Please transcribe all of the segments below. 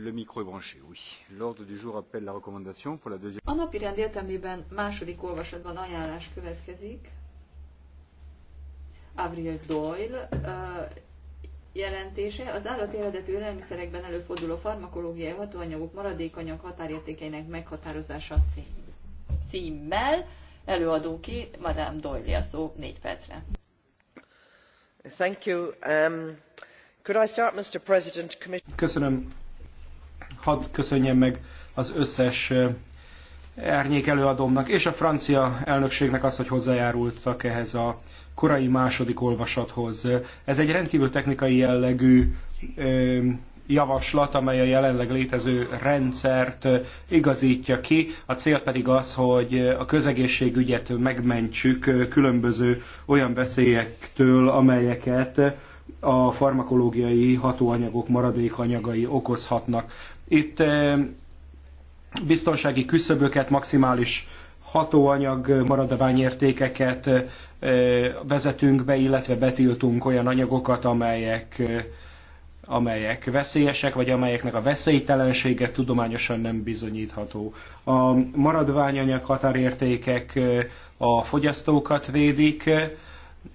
Le micro est branché, oui. L'ordre du jour appelle la recommandation pour la deuxième... A napi rend értelmében második olvasatban ajánlás következik. Avril Doyle uh, jelentése az állati eredetű élelmiszerekben előforduló farmakológiai hatóanyagok maradékanyag határértékeinek meghatározása cím. címmel. Előadó ki, Madame Doyle a szó négy percre. Thank you. Um, could I start, Mr. President? Köszönöm, hadd köszönjem meg az összes árnyék előadómnak és a francia elnökségnek azt, hogy hozzájárultak ehhez a korai második olvasathoz. Ez egy rendkívül technikai jellegű javaslat, amely a jelenleg létező rendszert igazítja ki. A cél pedig az, hogy a közegészségügyet megmentsük különböző olyan veszélyektől, amelyeket a farmakológiai hatóanyagok maradékanyagai okozhatnak. Itt biztonsági küszöböket, maximális hatóanyag maradványértékeket vezetünk be, illetve betiltunk olyan anyagokat, amelyek amelyek veszélyesek, vagy amelyeknek a veszélytelensége tudományosan nem bizonyítható. A maradványanyag határértékek a fogyasztókat védik,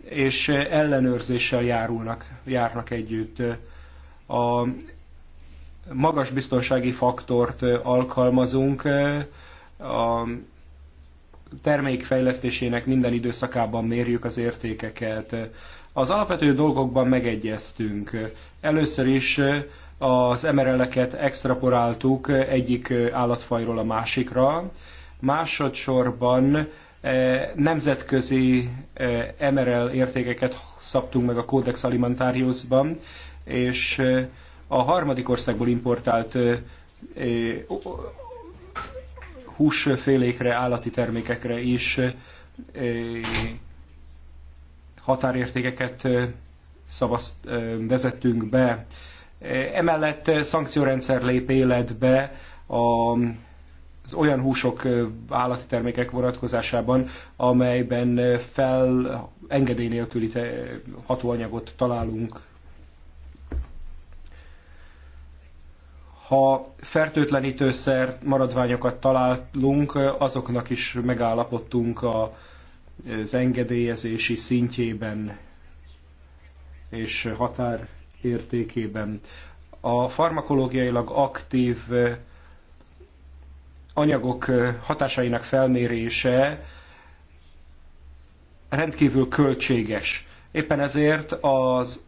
és ellenőrzéssel járulnak, járnak együtt. A magas biztonsági faktort alkalmazunk a termék fejlesztésének minden időszakában mérjük az értékeket. Az alapvető dolgokban megegyeztünk. Először is az emereleket extraporáltuk egyik állatfajról a másikra. Másodszorban nemzetközi emerel értékeket szabtunk meg a Codex Alimentariusban, és a harmadik országból importált húsfélékre, állati termékekre is határértékeket szavazt, vezettünk be. Emellett szankciórendszer lép életbe a az olyan húsok, állati termékek vonatkozásában, amelyben fel engedély nélküli hatóanyagot találunk Ha fertőtlenítőszer maradványokat találunk, azoknak is megállapodtunk a, az engedélyezési szintjében és határértékében. A farmakológiailag aktív anyagok hatásainak felmérése rendkívül költséges. Éppen ezért az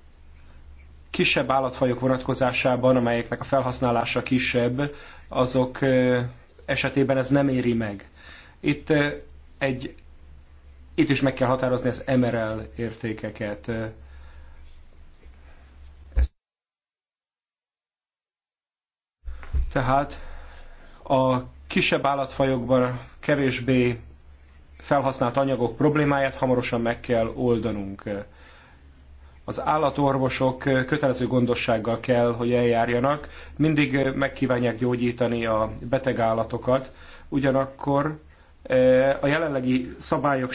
kisebb állatfajok vonatkozásában, amelyeknek a felhasználása kisebb, azok esetében ez nem éri meg. Itt egy itt is meg kell határozni az MRL értékeket. Tehát a kisebb állatfajokban kevésbé felhasznált anyagok problémáját hamarosan meg kell oldanunk az állatorvosok kötelező gondossággal kell, hogy eljárjanak, mindig megkívánják gyógyítani a beteg állatokat, ugyanakkor a jelenlegi szabályok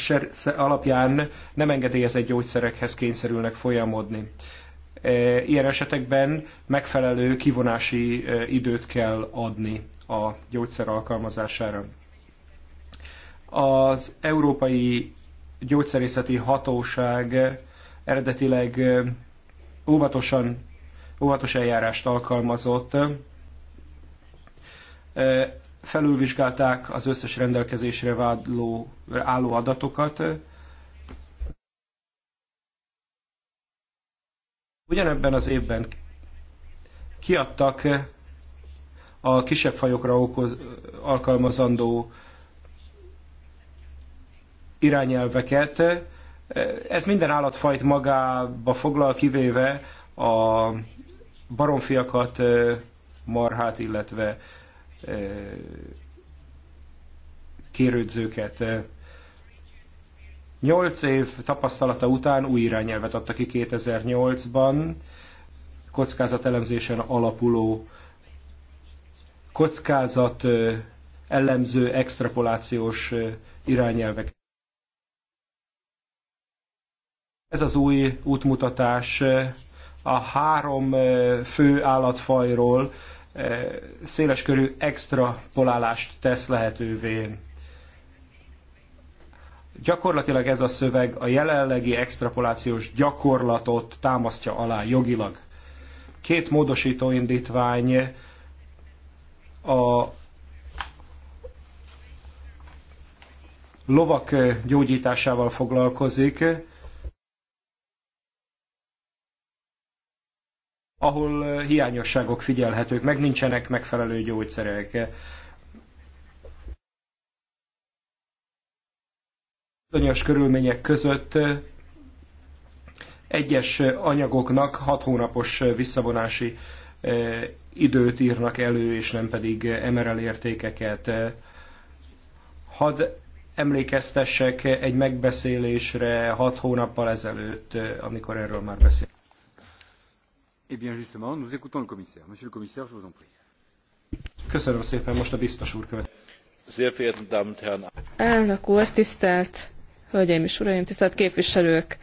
alapján nem engedélyezett gyógyszerekhez kényszerülnek folyamodni. Ilyen esetekben megfelelő kivonási időt kell adni a gyógyszer alkalmazására. Az Európai Gyógyszerészeti Hatóság eredetileg óvatosan, óvatos eljárást alkalmazott. Felülvizsgálták az összes rendelkezésre vádló, álló adatokat. Ugyanebben az évben kiadtak a kisebb fajokra okoz, alkalmazandó irányelveket, ez minden állatfajt magába foglal, kivéve a baromfiakat, marhát, illetve kérődzőket. Nyolc év tapasztalata után új irányelvet adta ki 2008-ban, kockázatelemzésen alapuló kockázat ellenző extrapolációs irányelveket. Ez az új útmutatás eh, a három eh, fő állatfajról eh, széleskörű extrapolálást tesz lehetővé. Gyakorlatilag ez a szöveg a jelenlegi extrapolációs gyakorlatot támasztja alá jogilag. Két módosító indítvány a lovak gyógyításával foglalkozik, ahol eh, hiányosságok figyelhetők, meg nincsenek megfelelő gyógyszerek. Bizonyos körülmények között eh, egyes anyagoknak hat hónapos eh, visszavonási időt írnak elő, és nem pedig MRL értékeket. Hadd emlékeztessek egy megbeszélésre hat hónappal ezelőtt, amikor erről már beszéltünk. Eh Köszönöm szépen, úr Elnök úr, tisztelt Hölgyeim és Uraim, tisztelt képviselők!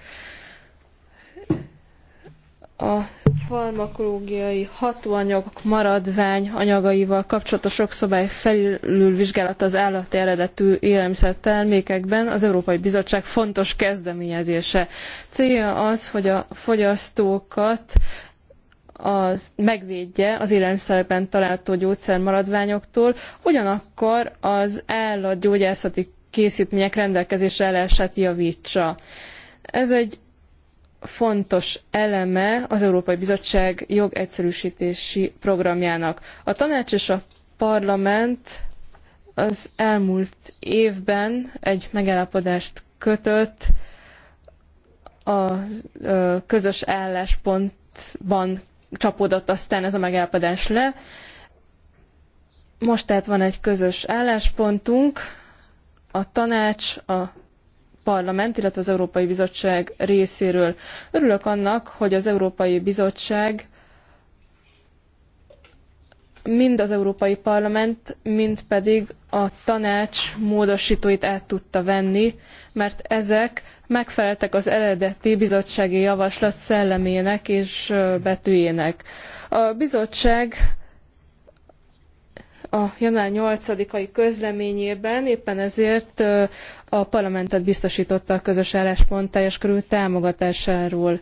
A farmakológiai hatóanyag maradvány anyagaival kapcsolatos jogszabály felülvizsgálata az állati eredetű élelmiszertermékekben az Európai Bizottság fontos kezdeményezése. Célja az, hogy a fogyasztókat az, megvédje az élelmiszerben található gyógyszer maradványoktól, ugyanakkor az gyógyászati készítmények rendelkezésre állását javítsa. Ez egy fontos eleme az Európai Bizottság jogegyszerűsítési programjának. A tanács és a parlament az elmúlt évben egy megállapodást kötött a közös álláspontban csapódott aztán ez a megállapodás le. Most tehát van egy közös álláspontunk, a tanács, a parlament, illetve az Európai Bizottság részéről. Örülök annak, hogy az Európai Bizottság mind az Európai Parlament, mind pedig a tanács módosítóit át tudta venni, mert ezek megfeleltek az eredeti bizottsági javaslat szellemének és betűjének. A bizottság a január 8-ai közleményében éppen ezért a parlamentet biztosította a közös álláspont teljes körű támogatásáról.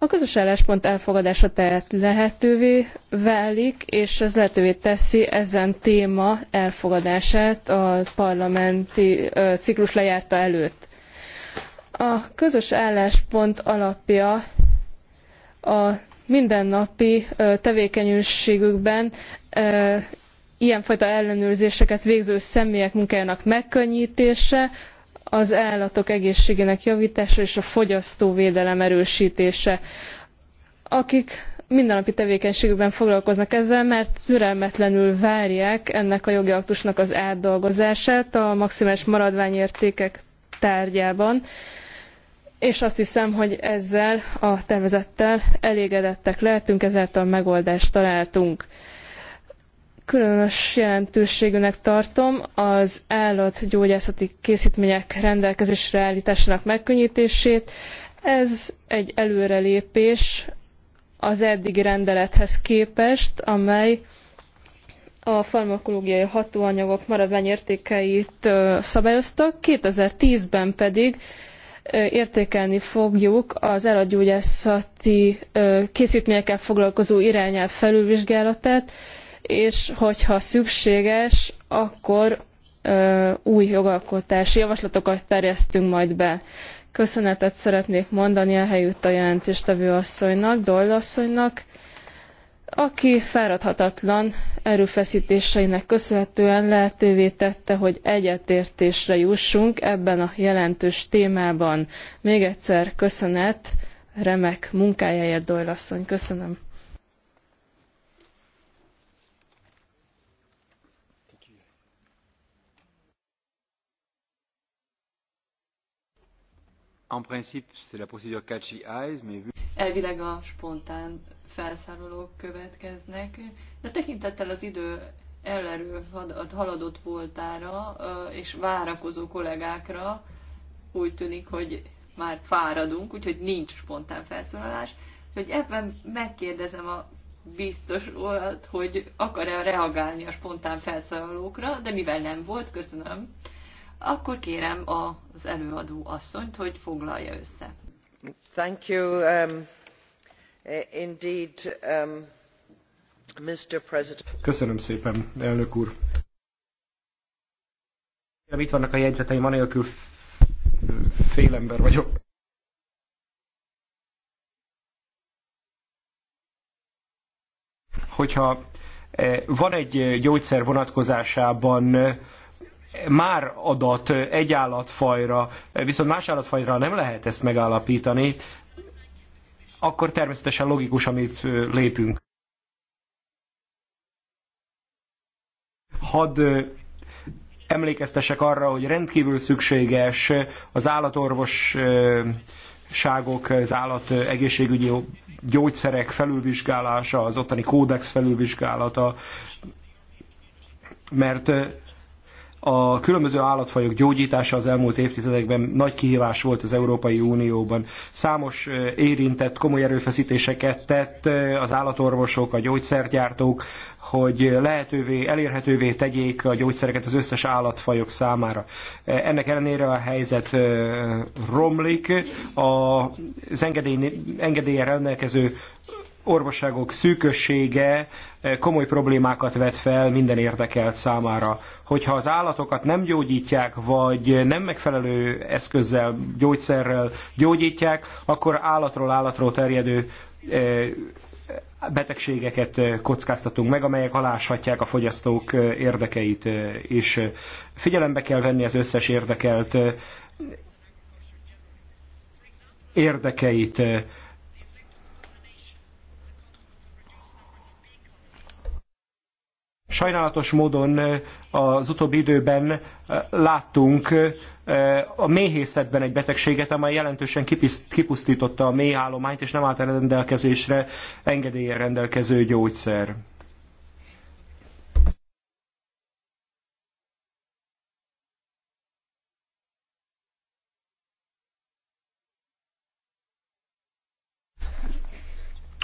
A közös álláspont elfogadása tehát lehetővé válik, és ez lehetővé teszi ezen téma elfogadását a parlamenti ciklus lejárta előtt. A közös álláspont alapja a mindennapi tevékenységükben ilyenfajta ellenőrzéseket végző személyek munkájának megkönnyítése, az állatok egészségének javítása és a fogyasztóvédelem erősítése. Akik mindennapi tevékenységükben foglalkoznak ezzel, mert türelmetlenül várják ennek a jogi aktusnak az átdolgozását a maximális maradványértékek tárgyában, és azt hiszem, hogy ezzel a tervezettel elégedettek lehetünk, ezáltal megoldást találtunk. Különös jelentőségűnek tartom az állatgyógyászati készítmények rendelkezésre állításának megkönnyítését. Ez egy előrelépés az eddigi rendelethez képest, amely a farmakológiai hatóanyagok maradványértékeit szabályoztak, 2010-ben pedig értékelni fogjuk az állatgyógyászati készítményekkel foglalkozó irányelv felülvizsgálatát, és hogyha szükséges, akkor új jogalkotási javaslatokat terjesztünk majd be. Köszönetet szeretnék mondani a helyütt a jelentéstevő asszonynak, Doll asszonynak, aki fáradhatatlan erőfeszítéseinek köszönhetően lehetővé tette, hogy egyetértésre jussunk ebben a jelentős témában. Még egyszer köszönet remek munkájáért, Doyle asszony. Köszönöm. En principe, c'est la procédure catchy eyes, mais vu... Elvileg a spontán felszárolók következnek, de tekintettel az idő elerő haladott voltára és várakozó kollégákra úgy tűnik, hogy már fáradunk, úgyhogy nincs spontán felszólalás. Hogy ebben megkérdezem a biztos volt, hogy akar-e reagálni a spontán felszólalókra, de mivel nem volt, köszönöm, akkor kérem az előadó asszonyt, hogy foglalja össze. Thank you, um, eh, indeed, um, Mr. President. Köszönöm szépen, elnök úr. Itt vannak a jegyzeteim, anélkül félember vagyok. Hogyha eh, van egy gyógyszer vonatkozásában már adat egy állatfajra, viszont más állatfajra nem lehet ezt megállapítani, akkor természetesen logikus, amit lépünk. Hadd emlékeztesek arra, hogy rendkívül szükséges az állatorvosságok, az állat egészségügyi gyógyszerek felülvizsgálása, az ottani kódex felülvizsgálata, mert a különböző állatfajok gyógyítása az elmúlt évtizedekben nagy kihívás volt az Európai Unióban. Számos érintett komoly erőfeszítéseket tett az állatorvosok, a gyógyszergyártók, hogy lehetővé, elérhetővé tegyék a gyógyszereket az összes állatfajok számára. Ennek ellenére a helyzet romlik. Az engedély, engedélye rendelkező orvosságok szűkössége eh, komoly problémákat vet fel minden érdekelt számára. Hogyha az állatokat nem gyógyítják, vagy nem megfelelő eszközzel, gyógyszerrel gyógyítják, akkor állatról állatról terjedő eh, betegségeket eh, kockáztatunk meg, amelyek aláshatják a fogyasztók érdekeit, és figyelembe kell venni az összes érdekelt érdekeit. Sajnálatos módon eh, az utóbbi időben eh, láttunk eh, a méhészetben egy betegséget, amely jelentősen kipusztította a méhállományt, és nem állt rendelkezésre engedélyen rendelkező gyógyszer.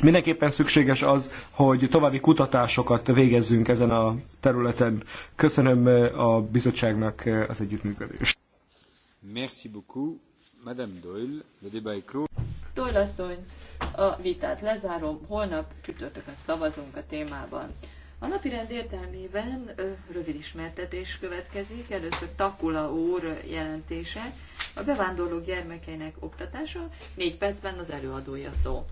Mindenképpen szükséges az, hogy további kutatásokat végezzünk ezen a területen. Köszönöm a bizottságnak az együttműködést. Merci beaucoup, Madame Doyle. Le débat est clos. Doyle asszony, a vitát lezárom. Holnap csütörtökön szavazunk a témában. A napi rend értelmében rövid ismertetés következik. Először Takula úr jelentése, a bevándorló gyermekeinek oktatása, négy percben az előadója szó.